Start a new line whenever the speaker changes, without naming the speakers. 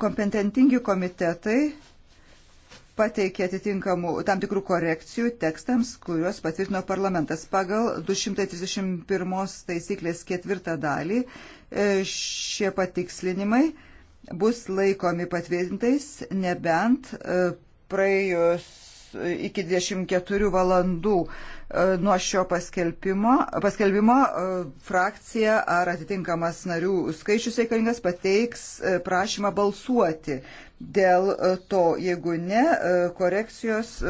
kompetentingi komitetai pateikė atitinkamų tam tikrų korekcijų tekstams, kuriuos patvirtino parlamentas. Pagal 231 taisyklės ketvirtą dalį e, šie patikslinimai bus laikomi patvirtintais, nebent e, praėjus iki 24 valandų e, nuo šio paskelbimo, paskelbimo e, frakcija ar atitinkamas narių skaičius reikalingas pateiks e, prašymą balsuoti. Dėl to, jeigu ne,
korekcijos